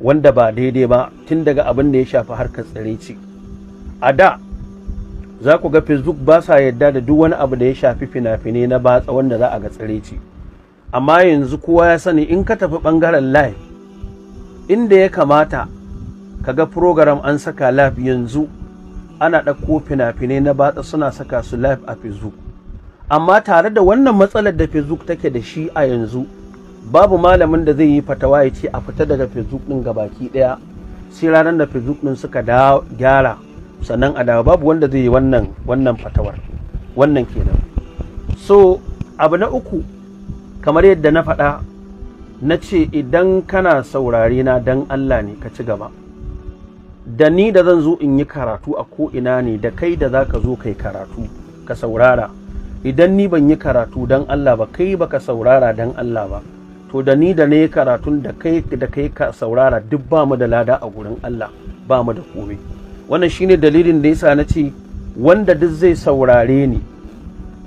wanda ba daidai ba tun daga abin da ya shafi harkar ce. a da za ku ga facebook ba sa yadda da duk wani abu da ya shafi fina-finai na batsa wanda za a ga tsire ci amma yanzu kowa ya sani in ka tafi bangaren live inda ya kamata ka ga program an saka live yanzu ana ɗauko fina-finai na batsa suna saka su live a facebook amma tare da wannan matsalar da facebook take da shi a yanzu babu malamin da zai yi fatawa ya ce a fita daga facebook ɗin gabaki ɗaya sai ranar da facebook ɗin suka gyara sannan a dawo babu wanda zai yi wannan wannan fatawar wannan kenan so abu na uku kamar yadda na faɗa na ce idan kana saurare na dan Allah ne ka ci gaba da ni da zan zo in yi karatu a ko'ina ne da kai da za ka zo kai karatu ka saurara idan ni ban yi karatu don Allah ba kai ba ka saurara don Allah ba to da ni da ne karatun da kai ka saurara duk ba mu da lada a gurin Allah ba mu da komai wannan shine dalilin da yasa na ce wanda duk zai saurare ni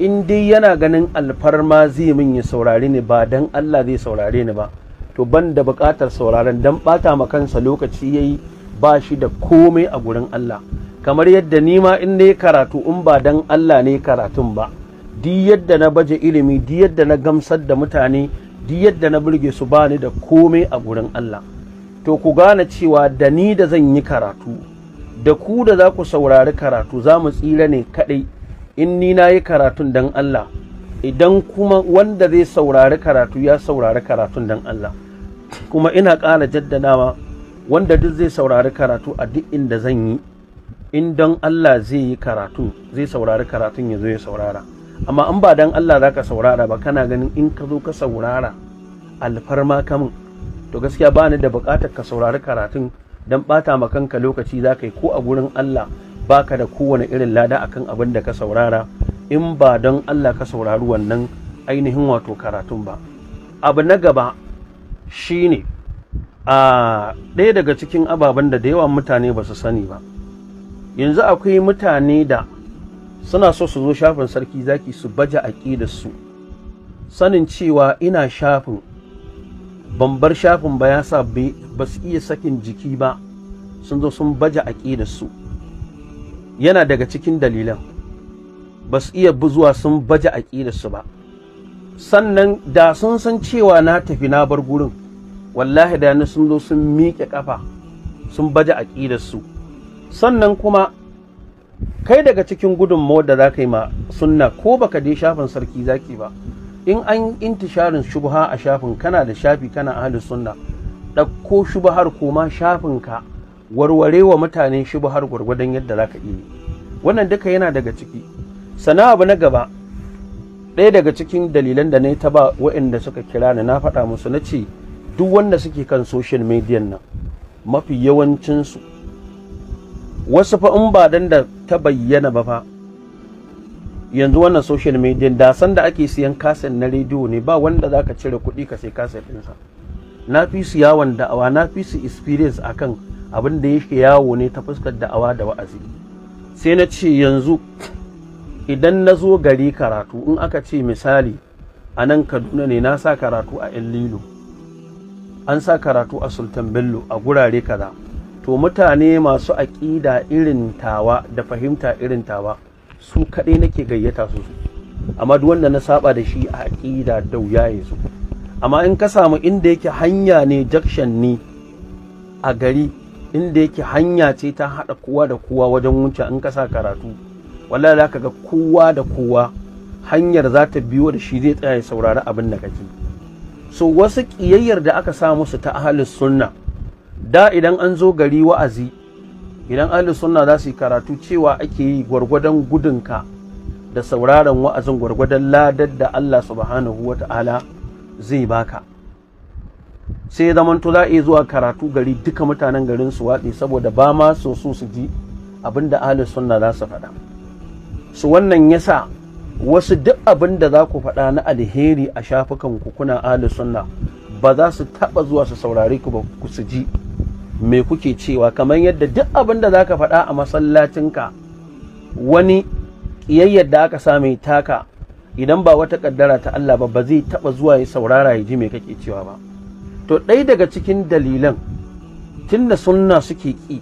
in dai yana ganin alfarma zai min ya saurare ni ba dan Allah zai saurare ni ba to ban da bukatar sauraren dan bata ma kansa lokaci yayi ba shi da komai a gurin Allah kamar yadda ni ma in na karatu in ba dan Allah ne karatun ba di yadda na baje ilimi di yadda na gamsar da mutane di yadda na burge su bani da komai a gurin Allah to ku gane cewa da ni da zan yi karatu da ku da za ku saurari karatu za mu tsira ne kaɗai in ni na yi karatun dan Allah idan kuma wanda zai saurari karatu ya saurari karatun don Allah kuma ina ƙara jaddadawa wanda duk zai saurari karatu a duk inda zan yi in don Allah zai yi karatu zai saurari karatun ya zo ya saurara amma in ba don Allah za ka saurara ba kana ganin in ka zo ka saurara alfarma kamun to gaskiya ba ni da bukatar ka saurari karatun Don bata ma kanka lokaci za ka yi ko a gurin Allah baka da kowane irin lada akan abin da ka saurara in ba don Allah ka saurari wannan ainihin wato karatun ba abu na gaba shine a ɗaya daga cikin ababen da da yawan mutane ba su sani ba yanzu akwai mutane da suna so su zo shafin sarki zaki su baje su sanin cewa ina shafin ban bar shafin ba ya sa ba su iya sakin jiki ba sun zo sun baje su yana daga cikin dalilan ba su iya buzuwa sun baje su ba sannan da sun san cewa na tafi na bar gurin wallahi da ni sun zo sun miƙe ƙafa sun baje su sannan kuma kai daga cikin gudunmawar da za ka yi ma sunna ko baka je shafin sarki zaki ba in an intisharin shubha a shafin kana da shafi kana ahlus sunna ɗauko shubhar koma shafinka warware wa mutane shubhar gwargwadon yadda za ka iya wannan duka yana daga ciki sana abu na gaba ɗaya daga cikin dalilan da na ta ba waɗanda suka kira ni na faɗa musu na ce duk wanda suke kan social media nan mafi yawancinsu wasu fa in ba dan da ta bayyana ba fa yanzu wannan social media da san da ake siyan kaset na rediyo ne ba wanda za ka cire kuɗi ka sai kaset ɗinsa na fi su yawon da'awa na fi su experience akan abin da yake yawo ne ta fuskar da'awa da wa'azi sai na ce yanzu idan na zo gari karatu in aka ce misali a nan kaduna ne na sa karatu a yan lilo an sa karatu a sultan bello a gurare kaza to mutane masu aƙida irin tawa da fahimta irin tawa su kaɗai nake gayyata su amma duk wanda na saba da shi a aƙida da wuya ya su amma in ka samu inda yake hanya ne jakshan ne a gari inda yake hanya ce ta haɗa kowa da kowa wajen wuce in ka sa karatu wallahi za ka ga kowa da kowa hanyar za ta biyo da shi zai tsaya ya saurari abin da kake so wasu ƙiyayyar da aka sa musu ta ahalin sunna da idan an zo gari wa'azi idan ahli sunna za su yi karatu cewa ake yi gwargwadon gudunka da sauraron wa'azin gwargwadon ladar da Allah subhanahu wa ta'ala zai baka sai zaman to za a yi zuwa karatu gari duka mutanen garin su waɗe saboda ba ma so su su ji abin da ahli sunna za su faɗa su wannan yasa wasu duk abin da za ku faɗa na alheri a shafukan ku kuna ahli sunna ba za su taɓa zuwa su saurare ku ba ku su ji me kuke cewa kamar yadda duk abin da za ka faɗa a masallacinka wani ƙiyayyar da aka sami taka idan ba wata ƙaddara ta Allah ba ba zai taɓa zuwa ya saurara ya ji me kake cewa ba to ɗaya daga cikin dalilan tun da sunna suke ƙi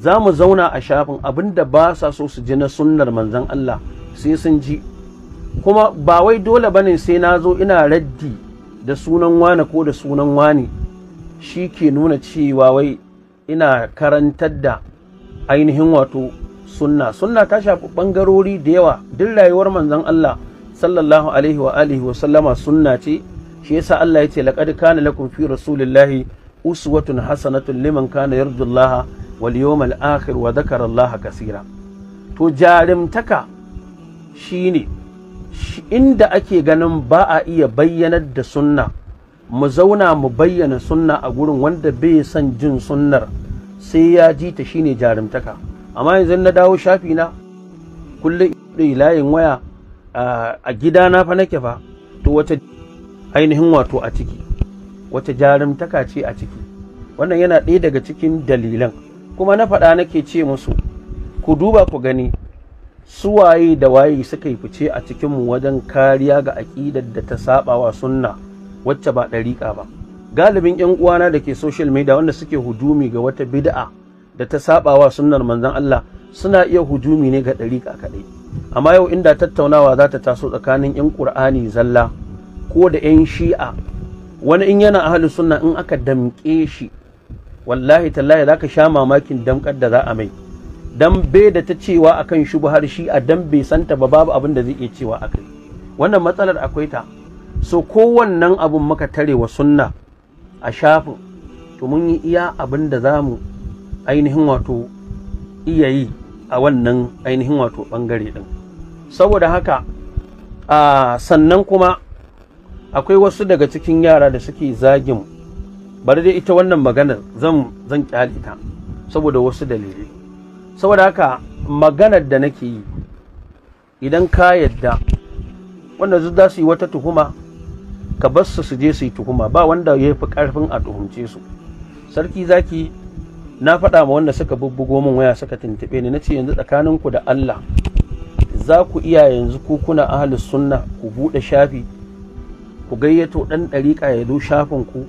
za mu zauna a shafin abin da ba sa so su ji na sunnar manzon Allah sai sun ji kuma ba wai dole bane sai na zo ina raddi da sunan wane ko da sunan wane shi ke nuna cewa wai ina karantar da ainihin wato sunna sunna ta shafi ɓangarori da yawa duk rayuwar manzon Allah sallallahu alaihi wa alihi wa sallama sunna ce shi yasa Allah ya ce laqad kana lakum fi rasulillahi uswatun hasanatun liman kana yarjullaha wal yawmal akhir wa dhakara Allah kaseera to jarimtaka shine inda ake ganin ba a iya bayyanar da sunna mu zauna mu bayyana sunna a gurin wanda bai son jin sunnar sai ya ji ta shine jarumtaka amma yanzu na dawo shafi na kullum layin waya a gida na fa nake fa to wata ainihin wato a ciki wata jarumtaka ce a ciki wannan yana ɗaya daga cikin dalilan kuma na faɗa nake ce musu ku duba ku gani Su waye da waye suka yi fice a cikinmu wajen kariya ga aƙidar da ta saɓawa sunna wacce ba ɗariƙa ba galibin yan uwana da ke social media wanda suke hujumi ga wata bida'a da ta sabawa sunnar manzon Allah suna iya hujumi ne ga ɗariƙa kaɗai amma yau inda tattaunawa za ta taso tsakanin yan ƙur'ani zalla ko da yan shi'a wani in yana ahalin sunna in aka damƙe shi wallahi tallahi za ka sha mamakin damƙar da za a mai dan bai da ta cewa akan shubhar shi a dan bai santa ba babu abin da zai iya cewa akai wannan matsalar akwai ta so kowannan abin muka tare wa sunna a shafin to mun yi iya abin da za mu ainihin wato iya yi a wannan ainihin wato bangare ɗin saboda haka a sannan kuma akwai wasu daga cikin yara da suke zagin bari dai ita wannan maganar zan zan ta saboda wasu dalilai saboda haka maganar da nake yi idan ka yadda wanda za su yi wata tuhuma ka bar su su je su yi tuhuma ba wanda ya fi karfin a tuhumce su sarki zaki na faɗa ma wanda suka bubbugo min waya suka tuntuɓe ni na nace yanzu ku da Allah za ku iya yanzu ku kuna ahlus sunna ku buɗe shafi ku gayyato ɗan ɗariƙa ya zo shafin ku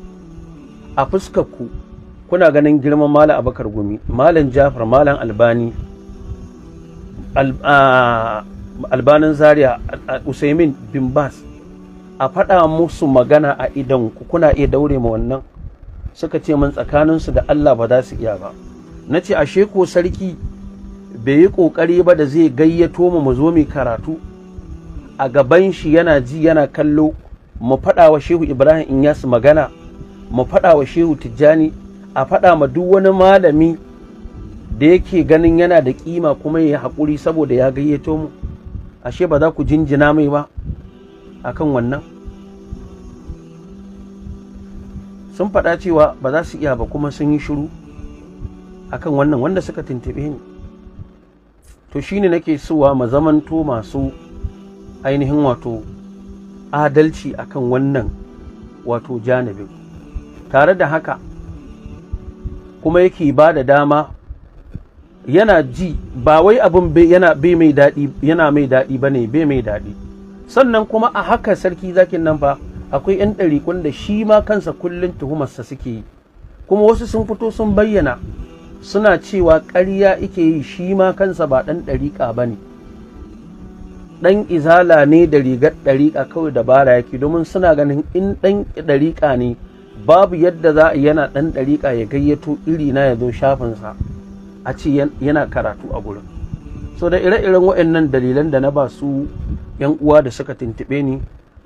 a fuskar ku kuna ganin girman malam abakar gumi malam jafar malam albani ah, albanin zaria usaimin bin bas a faɗa musu magana a idan ku kuna iya daure ma wannan suka ce min tsakaninsu da Allah ba za su iya ba na ce ashe ko sarki bai yi ƙoƙari ba da zai gayyato mu mu zo mu karatu a gaban shi yana ji yana kallo mu faɗa wa shehu ibrahim in su magana mu faɗa wa shehu tijjani a faɗa ma duk wani malami da yake ganin yana da kima kuma ya haƙuri saboda ya gayyato mu ashe ba za ku jinjina mai ba a kan wannan sun faɗa cewa ba za su iya ba kuma sun yi shiru kan wannan wanda suka tuntube ni to shine nake sowa ma zamanto masu ainihin wato adalci a kan wannan wato janabi. tare da haka kuma yake ba da dama yana ji ba wai abin yana mai daɗi ba ne bai mai daɗi sannan kuma a haka sarki zakin nan fa akwai 'yan ɗarikun da shi ma kansa kullum tuhumarsa suke yi kuma wasu sun fito sun bayyana suna cewa ƙarya ike yi shi ma kansa ba ɗan ɗariƙa ba ne ɗan izala ne da rigar ɗariƙa kawai dabara yake domin suna ganin in ɗan ɗariƙa ne babu yadda za a yana ɗan ɗariƙa ya gayyato iri na ya zo shafinsa a ce yana karatu a gurin so da ire-iren waɗannan dalilan da na ba su 'yan uwa da suka tuntuɓe ni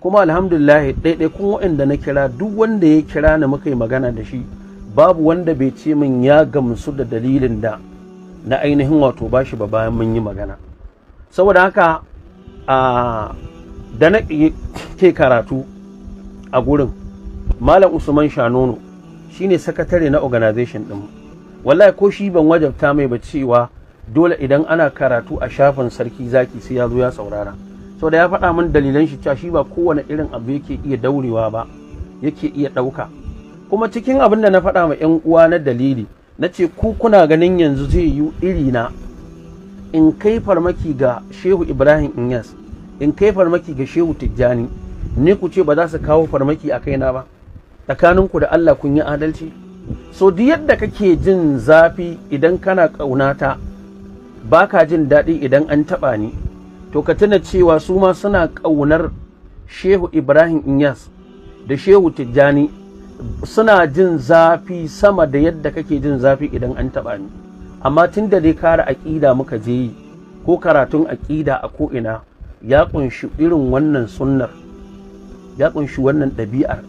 kuma alhamdulillah ɗaiɗaikun waɗanda na kira duk wanda ya kira ni muka yi magana da shi babu wanda bai ce min ya gamsu da dalilin da na ainihin wato ba shi ba bayan mun yi magana saboda haka a da na ke karatu a gurin malam usman shanono shine sakatare na organization ɗin wallahi ko shi ban wajabta mai ba cewa dole idan ana karatu a shafin sarki zaki sai ya zo ya saurara so da ya faɗa min dalilan shi cewa shi ba kowane irin abu yake iya daurewa ba yake iya ɗauka kuma cikin abin da na faɗa ma 'yan uwa na dalili na ce ku kuna ganin yanzu zai yi iri na in kai farmaki ga shehu ibrahim inyas in kai farmaki ga shehu tijjani ni ku ce ba za su kawo farmaki a kaina ba tsakaninku da allah kun yi adalci so duk yadda kake jin zafi idan kana ƙaunata ba ka jin daɗi idan an taɓa ni to ka tuna cewa su ma suna ƙaunar shehu ibrahim inyas da shehu tijjani suna jin zafi sama da yadda kake jin zafi idan an taɓa ni amma tun da dai kara aƙida muka je yi ko karatun aƙida a ko'ina ya ƙunshi irin wannan sunnar ya ƙunshi wannan ɗabi'ar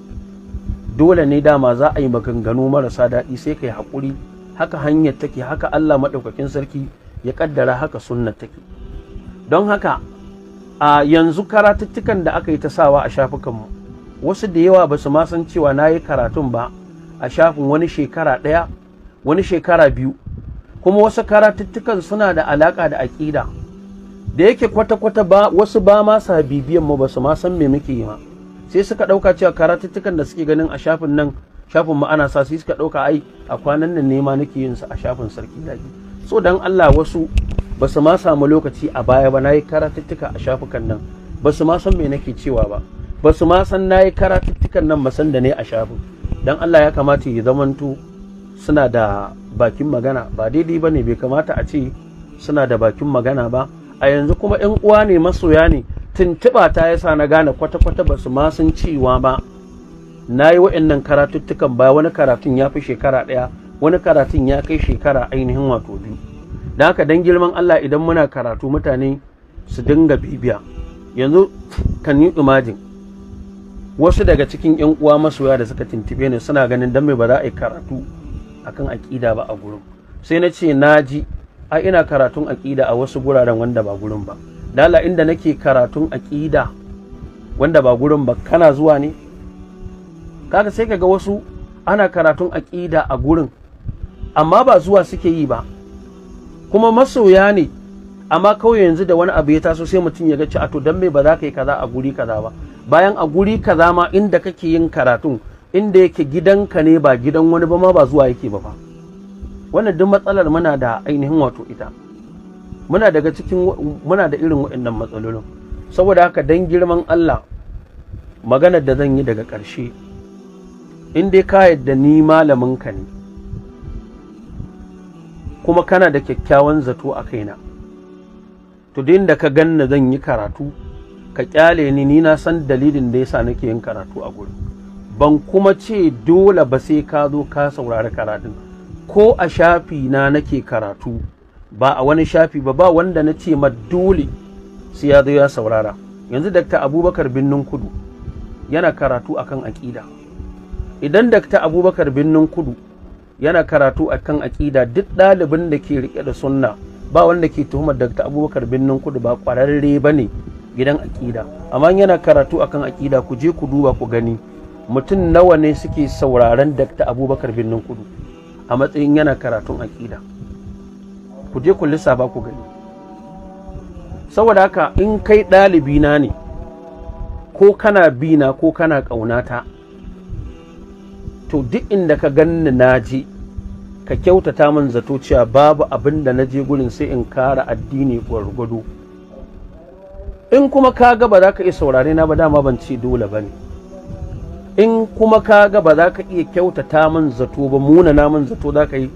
dole ne dama za a yi maganganu marasa daɗi sai ka yi haƙuri haka hanyar take haka allah maɗaukakin sarki ya ƙaddara haka sunnar take don haka a yanzu karatuttukan da aka yi ta sawa a shafukanmu wasu da yawa ba su ma san cewa na yi karatun ba a shafin wani shekara ɗaya wani shekara biyu kuma wasu karatuttukan suna da alaƙa da aƙida da yake kwata-kwata ba wasu ba ma sa bibiyan mu ba su ma san me muke yi ma sai suka ɗauka cewa karatuttukan da suke ganin a shafin nan shafin ma'ana ana sa sai suka ɗauka ai a kwanan nan nema nake yin su a shafin sarki daji so dan Allah wasu ba ma samu lokaci a baya ba na yi karatuttuka a shafukan nan ba su ma san me nake cewa ba ba su ma san na karatuttukan nan masan da ne a shafin don Allah ya kamata ya zamanto suna da bakin magana ba daidai ba bai kamata a ce suna da bakin magana ba a yanzu kuma 'yan uwa ne masoya ne tuntuɓa ta yasa na gane kwata-kwata ba ma san cewa ba nayi yi wa'annan karatuttukan ba wani karatun ya fi shekara ɗaya wani karatun ya kai shekara ainihin wato biyu da haka dan girman Allah idan muna karatu mutane su dinga bibiya yanzu kan yi imajin wasu daga cikin yan uwa masoya da suka tuntube ni suna ganin dan me ba za a yi karatu akan aƙida ba a gurin sai na ce na ji a ina karatun aƙida a wasu guraren wanda ba gurin ba dala inda nake karatun aƙida wanda ba gurin ba kana zuwa ne kaga sai kaga wasu ana karatun aƙida a gurin amma ba zuwa suke yi ba kuma masoya ne amma kawai yanzu da wani abu ya taso sai mutum ya ga ciato a to dan me ba za ka yi kaza a guri kaza ba bayan a guri kaza ma inda kake yin karatu inda yake gidanka ne ba gidan wani ba ma ba zuwa yake ba fa wannan duk matsalar muna da ainihin wato ita muna daga cikin muna da irin waɗannan matsalolin saboda haka dan girman Allah maganar da zan yi daga ƙarshe in dai ka yadda ni malamin ka ne kuma kana da kyakkyawan zato a kaina to din da ka ganna zan yi karatu ka kyale ni ni na san dalilin da yasa nake yin karatu a gurin ban kuma ce dole ba sai ka zo ka saurari karatu. ko a shafi na nake karatu ba a wani shafi ba ba wanda na ce ma dole sai ya zo ya saurara yanzu dr abubakar binnin kudu yana karatu akan aƙida idan dr abubakar binnin kudu yana karatu a kan aƙida duk ɗalibin da ke riƙe da sunna ba wanda ke tuhumar ta abubakar birnin kudu ba ƙwararre ba ne gidan aƙida amma yana karatu a kan aƙida ku je ku duba ku gani mutum nawa ne suke sauraron ta abubakar birnin kudu a matsayin yana karatun aƙida ku je ku lissafa ku gani saboda haka in kai ɗalibi na ne ko kana bina ko kana ƙaunata to duk inda ka ganni na je ka kyautata min zato cewa babu abin da na je gurin sai in kara addini gwargwado in kuma ka ga ba za ka iya saurare na ba dama ban ce dole ba ne in kuma ka ga ba za ka iya kyautata min zato ba muna na min zato za ka yi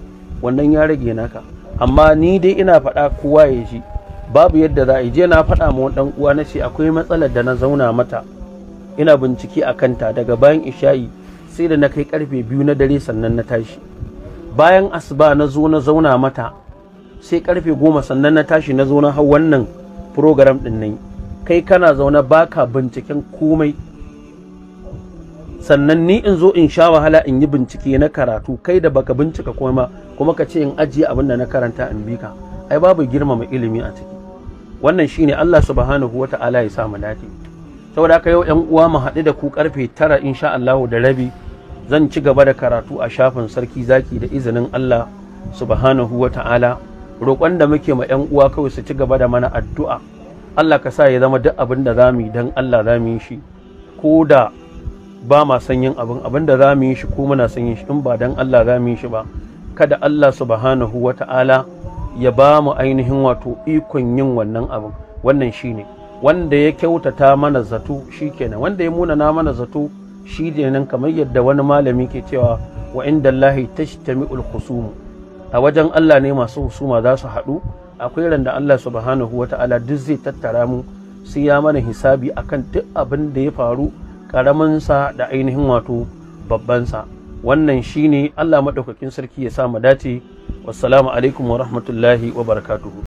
wannan ya rage naka amma ni dai ina faɗa kowa ya ji babu yadda za a yi je na faɗa ma ɗan uwa na ce akwai matsalar da na zauna mata ina bincike a kanta daga bayan isha'i sai da na kai karfe biyu na dare sannan na tashi bayan asuba na zo na zauna mata sai karfe goma sannan na tashi na zo na hau wannan program din nan kai kana zaune baka binciken komai sannan ni in zo in sha wahala in yi bincike na karatu kai da baka bincika komai kuma ka ce in ajiye abin da na karanta in bika. ai babu girmama ilimi a ciki wannan shine Allah subhanahu wata'ala ya sa mu dace saboda haka yau yan uwa mu haɗu da ku karfe tara insha Allahu da rabi zan ci gaba da karatu a shafin sarki zaki da izinin Allah subhanahu wa ta'ala roƙon da muke ma 'yan uwa kawai su ci gaba da mana addu'a Allah ka sa ya zama duk abin da zamu yi dan Allah zamu yi shi ko da ba ma san yin abin abin da zamu yi shi ko muna san yin shi in ba dan Allah zamu yi shi ba kada Allah subhanahu wa ta'ala ya ba mu ainihin wato ikon yin wannan abin wannan shine wanda ya kyautata mana zato shi shikenan wanda ya munana mana zato shi nan kamar yadda wani malami ke cewa wa inda Allahi tashtami'ul khusumu a wajen Allah ne masu husuma za su haɗu akwai ran da Allah subhanahu wata'ala duk zai tattara mu sai ya mana hisabi akan duk abin da ya faru karamin sa da ainihin wato babban sa wannan shine Allah madaukakin sarki ya sa mu dace wassalamu alaikum wa rahmatullahi wa barakatuhu